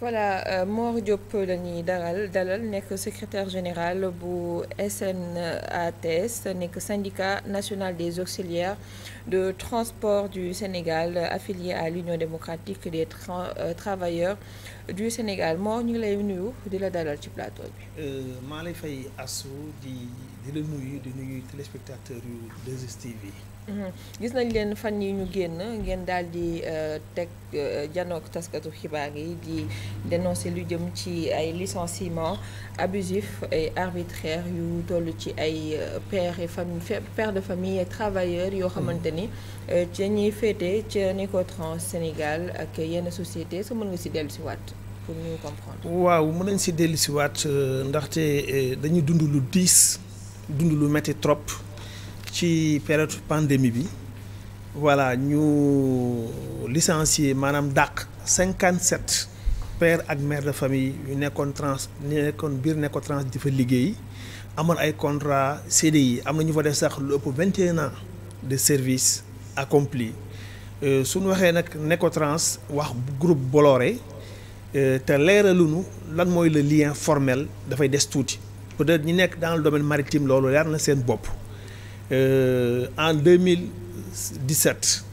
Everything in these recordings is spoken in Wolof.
voilà euh, Mor Diop la ñuy dalal dalal nekk secrétaire général bu SNATS syndicat national des auxiliaires de transport du Sénégal affilié à l'Union démocratique des euh, travailleurs du Sénégal Mor ñu ngi lay nuyu di la dalal ci plateau bi. Euh, lay fay asu di di la nuyu di nuyu téléspectateur Mhm. gis nañ leen fan yi ñu génn ngeen daal di euh, teg euh, janook taskatu xibaar yi di dénoncer lu jëm ci ay licenciements abusifs et arbitraires yu toll ci ay euh, pères et famille pères de famille et travailleurs yoo xamante ni mhm. ca ñuy féete ca Nicotrans Sénégal ak yenn société sa mën nga si dellu si waat pour ñu comprendre waaw mën nañ si dellu si waat ndaxte dañuy dund lu diis dund lu metti trop ci période pandémie bi voilà ñu licencié maanaam dàq cinquante sept per ak mère de famille yu nekkoon trans ñu nekkoon biir nekkoon trans di fa liggéey amoon ay contrat CDI am na ñu fa def sax lu ëpp vingt et ans de service accompli euh, suñu waxee nag Necotrans wax groupe Bolloré euh, te leeraluñu lan mooy le lien formel dafay des tuuti peut-être ñi nekk dans le domaine maritime loolu leer na seen bopp euh, en 2017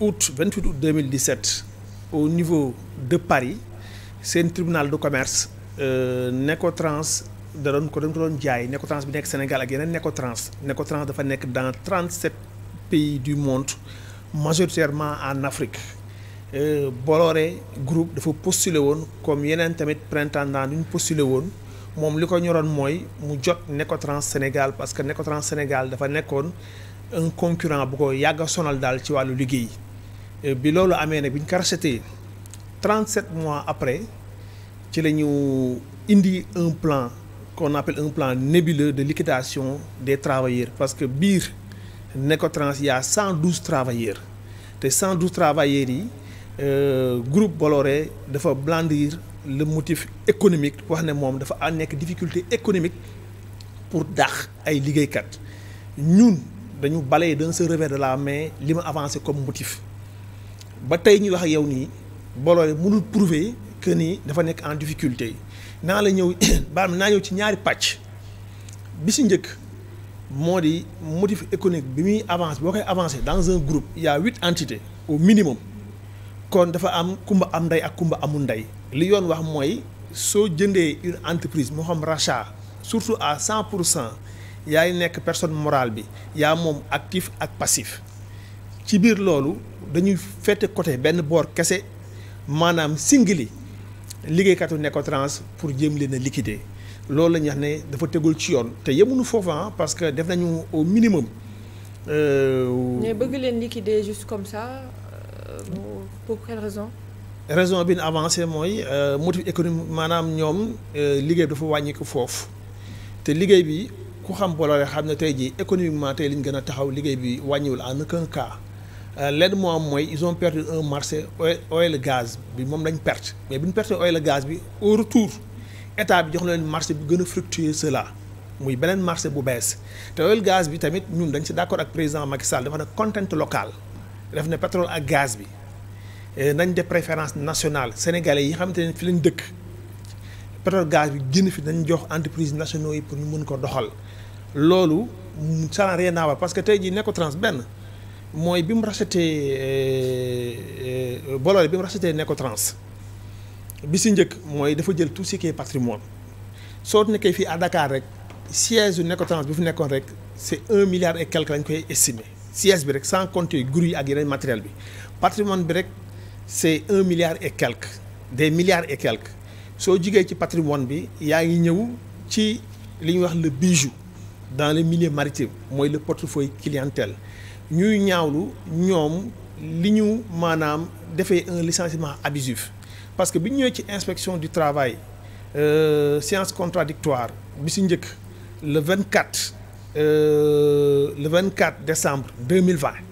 août 28 août 2017 au niveau de Paris seen tribunal de commerce euh, Necotrans da doon ko dañ ko doon jaay Necotrans bi nekk Sénégal ak yeneen Necotrans Necotrans dafa nekk dans 37 pays du monde majoritairement en Afrique euh, Bolloré groupe dafa postulé woon comme yeneen tamit printemps dañu postulé woon moom li ko ñoroon mooy mu jot nécotrance Sénégal parce que nécotrance Sénégal dafa nekkoon un concurrent bu ko yàgg a sonal daal ci wàllu liggéey euh, bi loolu amee nag bi ñu ko racheté 37 mois après ci la ñu indi un plan qu'on un plan nébuleux de liquidation des travailleurs parce que biir Necotrans y a 112 travailleurs te 112 travailleurs yi euh, groupe Bolloré dafa blandir. le motif économique wax ne moom dafa à nekk difficulté économique pour dàq ay liggéeykat ñun dañu bale d'un seul revers de la main li ma avancé comme motif ba tey ñu wax yow nii Bolloré mënul prouver que nii dafa nekk en difficulté naa la ñëw baam naa ñëw ci ñaari pàcc bi si njëkk moo di motif économique bi muy avance boo koy avancé dans un groupe il y a huit au minimum kon dafa am kumba am ndey ak kumba amul ndey li yoon wax mooy soo jëndee une entreprise moo xam rachat surtout à cent pour cent yaay nekk personne morale bi yaa moom actif ak passif ci biir loolu dañuy fete côté benn boor kese maanaam singili liggéeykatu Necotrans pour jëm leen a liquider loolu la ñuy ne dafa tegul ci yoon te yëmu yemuñu foofa ah parce que def nañu au minimum. Euh, mais bëgg leen liquider juste comme ça euh, pour quelle raison. raison bi ñu avancé mooy euh, motif économique maanaam ñoom euh, liggéey bi dafa wàññiku foofu te liggéey bi ku xam Bolloré xam ne tey jii économiquement tey liñ gën a taxaw liggéey bi wàññiwul en aucun cas euh, lenn moo am mooy ils ont perdu un marché oil gaz bi moom lañ perte mais bu ñu perte oil gaz bi au retour état bi jox na leen marché bu gën a fructueux cela muy beneen marché bu bees te oil gaz bi tamit ñun dañ si d'accord ak président Macky Sall dafa ne content local def ne pétrole ak gaz bi Euh, nañ def préférence nationale sénégalais yi xamante ne fi lañ dëkk pétrole gaz bi génn fi nañ jox entreprise nationaux yi pour ñu mën ko doxal loolu ça n'a rien à voir parce que tey jii Necotrans benn mooy bi mu racheté euh, euh, Bolloré bi mu racheté Necotrans bi si njëkk mooy dafa jël tout ce qui est patrimoine soo nekkee fii à Dakar rek siège yu Necotrans bi fu nekkoon rek c'est un milliard et quelque lañ koy estimé siège bi rek sans compter groupe yi ak yeneen matériel bi patrimoine bi rek c'est un milliard et quelque des milliards et quelque soo jigee ci patrimoine bi yaa ngi ñëw ci li ñuy wax le bijou dans le milieu maritime mooy le portefeuille clientèle ñuy ñaawlu ñoom li ñu maanaam defee un licenciement abusif parce que bi ñu ñëwee ci inspection du travail euh, séance contradictoire bi si njëkk le 24 euh, le 24 décembre 2020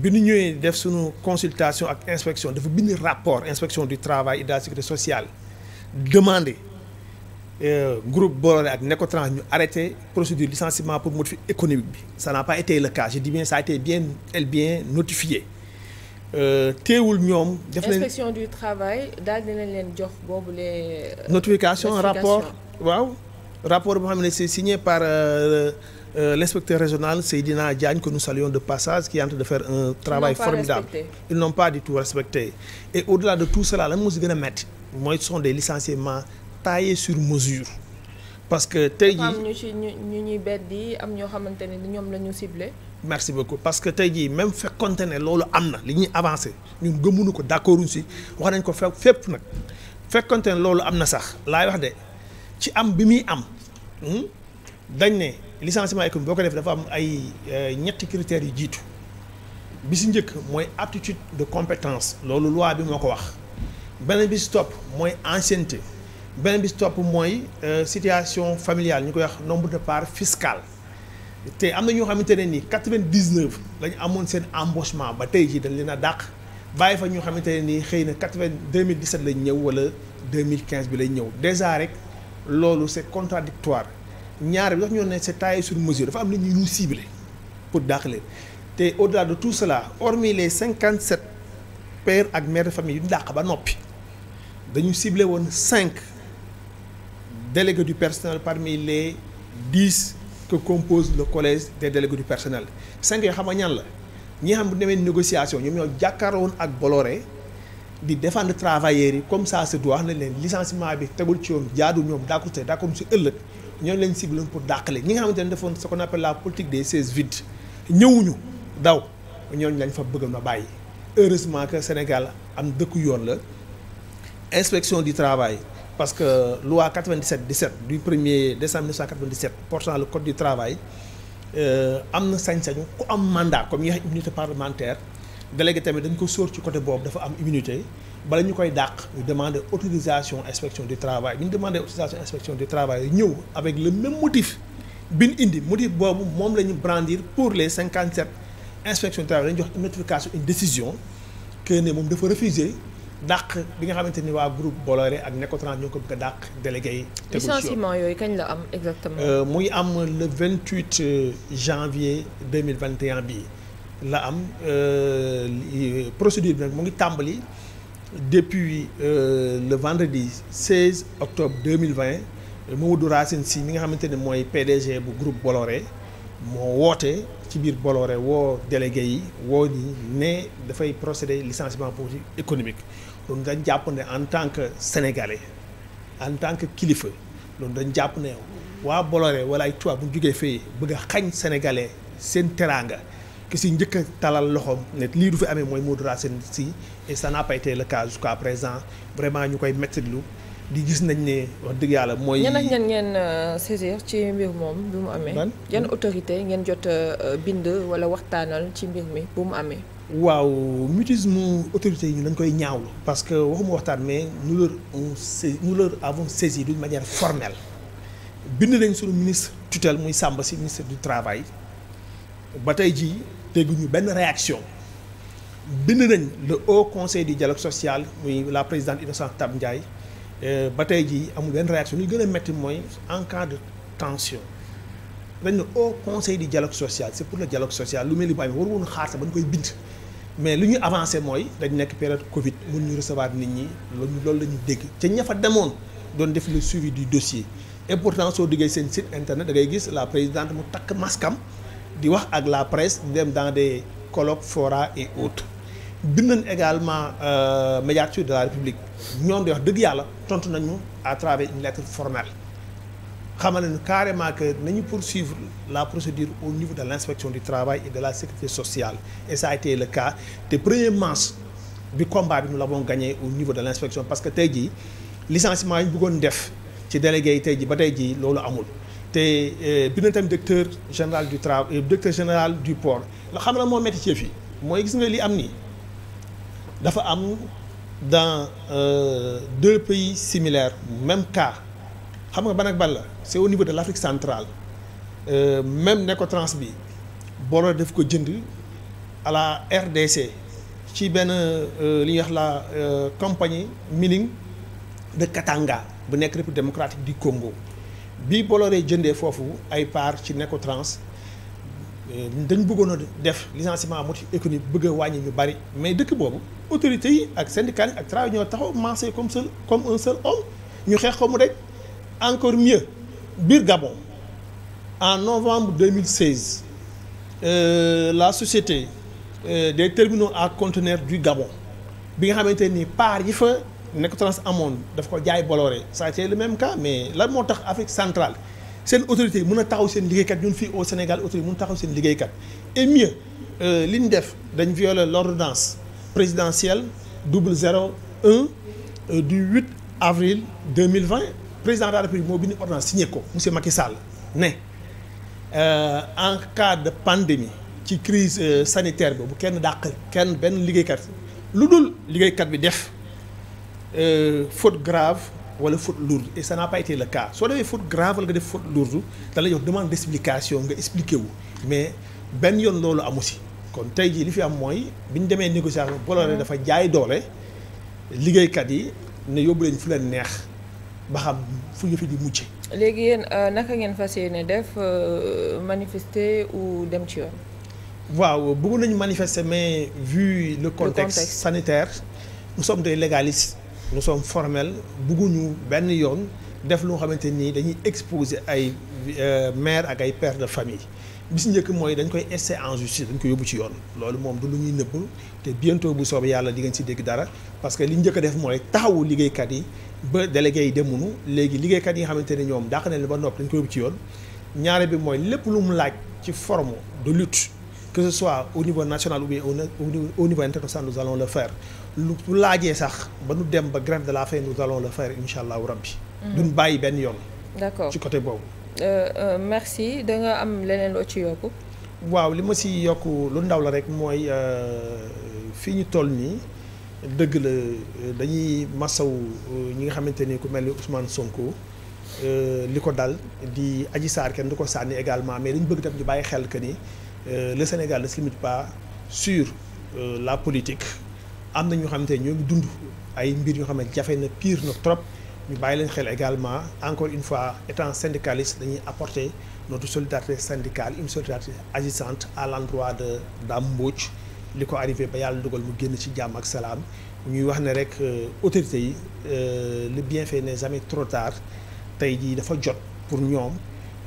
bi nu ñëwee def suñu consultation ak inspection dafa bind rapport inspection du travail et de la sécurité sociale demandé euh, groupe Bolloré ak Necotrans ñu arrêté procédure licenciement pour motif économique bi ça n'a pas été le cas je dis bien ça a été bien elle bien notifié euh, teewul ñoom. def nañ inspection du travail daal dinañ leen jox boobu les. Euh, notification rapport waaw rapport boo xam ne c'est signé par. Euh, euh, l'inspecteur régional Seydina Diagne, que nous saluons de passage, qui est en train de faire un travail ils formidable. Respecté. pas du tout respecté. Et au-delà de tout cela, la moo gën a métti mooy ce sont des licenciements taillés sur mesure. parce que tey jii am ñu ñu ñu ñuy beddi am ñoo xamante ne ñoom la ñu ciblé. merci beaucoup parce que tey jii même fekkonte ne loolu am na li ñuy avancé ñun gëmuñu ko d'accorduñ si wax nañ ko fe fépp nag fekkonte ne loolu am na sax laay wax de ci am bi muy am hmm, dañ ne licenciement économique boo ko def dafa am ay euh, ñetti critères yu jiitu bi si njëkk mooy aptitude de compétence loolu loi bi moo ko wax beneen bi si topp mooy ancienneté beneen bi si topp mooy euh, situation familiale ñu koy wax nombre de parts fiscale te am na ñoo xamante ne ni quatre-vingt-dix-neuf amoon seen embauchement ba tey jii dañ leen a dàq bàyyi fa ñoo xamante ne ni xëy na quatre-vingt deux mille dix-sept lañ ñëw wala deux mille quinze bi lañ ñëw déjà rek loolu c'est contradictoire ñaar bi dafa ñoo ne c'est taillé sur mesure dafa am nit ñu ñu ciblé pour dàq te au-delà de tout cela hormis les cinquante sept pères ak mères de famille yu ñu ba noppi dañu ciblé woon cinq délégués du personnel parmi les dix que compose le collège des délégués du personnel cinq yoo xam nga ñan la ñi xam bu demee négociation ñoom ñoo jàkkaaroo woon ak Bolloré di défendre travailleurs yi comme ça se doit wax ne leen licenciement bi tegul ci yoon jaadu ñoom d'accord te d'accord si ëllëg ñooñu lañ cibloon pour dàqale ñi nga xamante ne defoon ce qu'on appelle la politique des chaises vides ñëwuñu daw ñooñu lañ fa bëggoon a bàyyi heureusement que Sénégal am dëkku yoon la inspection du travail parce que loi 97 17 du 1er décembre 1997 portant le code du travail euh, am na sañ-sañu ku am mandat comme ñu wax immunité parlementaire délégué tamit dañ ko soor ci côté boobu dafa am immunité bala ñu koy dàq ñu demander autorisation inspection du travail bi ñu demander autorisation inspection du travail ñëw avec le même motif bi ñu indi motif boobu moom la ñu brandir pour les cinquante sept inspection du travail dañu jox notification une décision que ne moom dafa refuser dàq bi nga xamante ni waa groupe Bolloré ak Necotrans ñoo ko bëgg a dàq délégué yi. licenciement yooyu kañ la am exactement. Euh, muy am le vingt huit janvier deux mille vingt et bii la am euh, procédure bi mu ngi tàmbali. depuis euh, le vendredi 16 octobre 2020 Mamadou Racine si mi nga xamante ne mooy PDG bu group Bolloré moo woote ci biir Bolloré woo délégué yi woo ñi ne dafay procéder licenciement politique économique loolu dañ jàpp ne en tant que sénégalais en tant que kilifa loolu dañ jàpp ne waa Bolloré wala ay tubaab bu ñu jógee fii bëgg a xañ sénégalais seen teraanga ki si njëkk a talal loxoom ne lii du fi amee mooy Modou Racine Sy et ça n'a te le cas jusqu'à présent vraiment ñu koy mettitlu di gis nañ ne wax dëgg yàlla mooy. ñan ak ñan ngeen euh, saisir ci mbir moom bi mu amee. yan autorité ngeen jot euh, bind wala waxtaanal ci mbir mi bu mu amee. waaw mu autorité yi ñu dañ koy ñaawlu. parce que waxuma waxtaan mais nous leur on sais nous leur avons saisi d'une manière formelle bind nañ suñu ministre tutelle muy sàmba si du travail ñu benn réaction bind nañ le o conseil du dialogue social muy la président Innocente Ntap Ndiaye euh, ba tey jii amul benn réaction li gën a metti mooy en cas de tension dañ ne conseil du dialogue social c'est pour le dialogue social lu mel ni bu war woon xaar sax ba ñu koy bind mais lu ñu avancé mooy dañ nekk période Covid mun ñu recevoir nit ñi loolu loolu la ñu dégg ca ña fa demoon doon def le suivi du dossier et pourtant soo diggee seen site internet da ngay gis la présidente mu takk maskam di wax ak la presse di dem dans des colloques fora et autres bind nañ également euh, médiature de la république ñoom di wax dëgg yàlla tontu nañu à travers une lettre formelle xamal nañu carrément que nañu poursuivre la procédure au niveau de l' inspection du travail et de la sécurité sociale et ça a été le cas te premier manche bi combat bi nous l'avons gagné au niveau de l' inspection parce que tey jii licenciement yi buggoon def ci délégué yi tey ji ba tey jii loolu amul te euh, bi na tam directeur général du travail euh, directeur général du port xam na moo metti ci fii mooy gis nga li am ni dafa am dans euh, deux pays similaires même cas xam nga ban ak ban la c'est au niveau de l'Afrique centrale même Necotrans bi booloo def ko jënd à la RDC ci benn li ñuy wax la compagnie mining de Katanga bu nekk République démocratique di Congo bi Bolloré jëndee foofu ay part ci Necotrans eh, dañ bëggoon a def licenciement motif économique bëgg a wàññi ñu bari mais dëkk boobu autorité yi ak syndicats yi ak travailleurs ñoo taxaw mancé comme seul comme un seul homme ñu xeex ko mu rek encore mieux biir Gabon en novembre 2016 euh, la société euh, des terminaux à conteneurs du Gabon bi nga xamante ni part yi fa nekk Necotrans amoon daf ko jaay Bolloré ça a le même cas mais lan moo tax Afrique centrale seen autorité mun a taxaw seen liggéeykat ñun fii au Sénégal autorité mun a taxaw seen liggéeykat et euh, li ñu def dañ violer l'ordonnance présidentielle double zéro un euh, du 8 avril 2020 président de la République moo bind ordonnance signé ko monsieur Macky Sall ne euh, en cas de pandémie ci crise sanitaire boobu kenn dàq kenn benn liggéeykat lu dul liggéeykat bi def Euh, faute grave wala faute lourde et ça n'a pas été le cas soo defee faute grave wala nga def faute lourde da la demande d'explication nga expliqué wu mais benn yoon loolu amu si kon tey jii li fi am mooy bi ñu demee négociation Bolloré dafa jaay doole liggéeykat yi ne yóbbu leen fu leen neex ba xam fu ñu fi di mucc. léegi yéen euh, naka ngeen fas yéene def euh, manifester ou dem ci yoon. waaw bëggoon nañu manifester mais vu le contexte sanitaire nous sommes des nous sommes formels bugguñu benn yoon def loo xamante nii dañuy exposer ay euh, maire ak ay père de famille bi njëkk mooy dañ koy ester en justice dañ ko yóbbu ci yoon loolu moom du lu ñuy nëbb te bientôt bu soobee yàlla di ngeen si dégg dara parce que li njëkk a def mooy taxawu liggéeykat yi ba délégué yi demunu léegi liggéeykat yi nga xamante ne ñoom dàq nañ la ba nopp dañ ko yóbbu ci yoon ñaare bi mooy lépp lu mu laaj ci forme de lute que ce soit au niveau national ou bien au niveau international nous allons le faire lu laajee sax ba nu dem ba grève de la nu nous allons le faire incha allahu rabbi. Mm. duñ bàyyi benn yoon. d'accord ci côté boobu. Euh, euh, merci da nga am leneen loo ci yokku. waaw li ma si yokk lu ndaw la rek mooy euh, fii ñu toll nii dëgg la dañuy masaw ñi nga xamante ni ku mel ni Ousmane Sonko. li ko dal di aji Sarr kenn du ko sànni également mais dañu bëgg tam ñu bàyyi xel que ni. Euh, le Sénégal des se limite pas sur euh, la politique am na ñoo xam ne ñoo ngi dund ay mbir yoo xam ne jafe na pire na trop ñu bàyyi leen xel également encore une fois étant syndicaliste dañuy apporter notre solidarité syndicale une solidarité agissante à l'endroit de Dame Mbodj li ko arrivé ba yàlla dugal mu génn ci jàmm ak salaam ñuy wax ne rek euh, autorités yi le bienfait n'est jamais trop tard tey jii dafa jot pour ñoom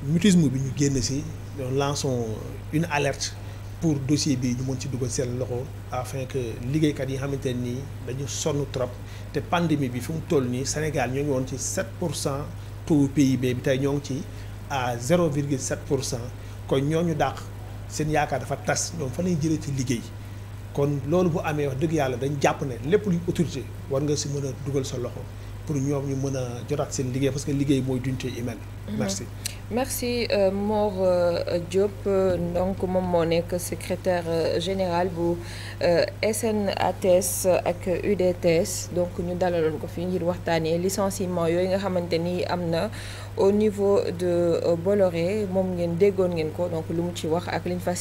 mutisme bi ñu génn si lanson une alerte pour dossier bi ñu mën ci dugal seen loxo afin que liggéeykat yi xamante ne nii dañu sonn trop te pandémie bi fi mu toll nii Sénégal ñoo ngi woon ci 7 pour cent taux PIB bi tey ñoo ngi ci ah à 0,7 pour cent kon ñoo ñu dàq seen yaakaar dafa tas ñoom fa lay jëlee ci liggéey kon loolu bu amee wax dëgg yàlla dañu jàpp ne lépp luy autorité war nga si mën a dugal sa loxo. pour ñoom ñu mën a jotaat seen liggéey parce que liggéey mooy dunité humaine. Mhm. merci merci euh, Mor euh, Diop euh, donc moom moo nekk secretaire euh, général bu SNATS euh, ak UDTS donc ñu dalaloon ko fii ngir waxtaanee licenciement yooyu nga xamante ni am na au niveau de Bolloré moom ngeen déggoon ngeen ko donc lu mu ci wax ak liñ fas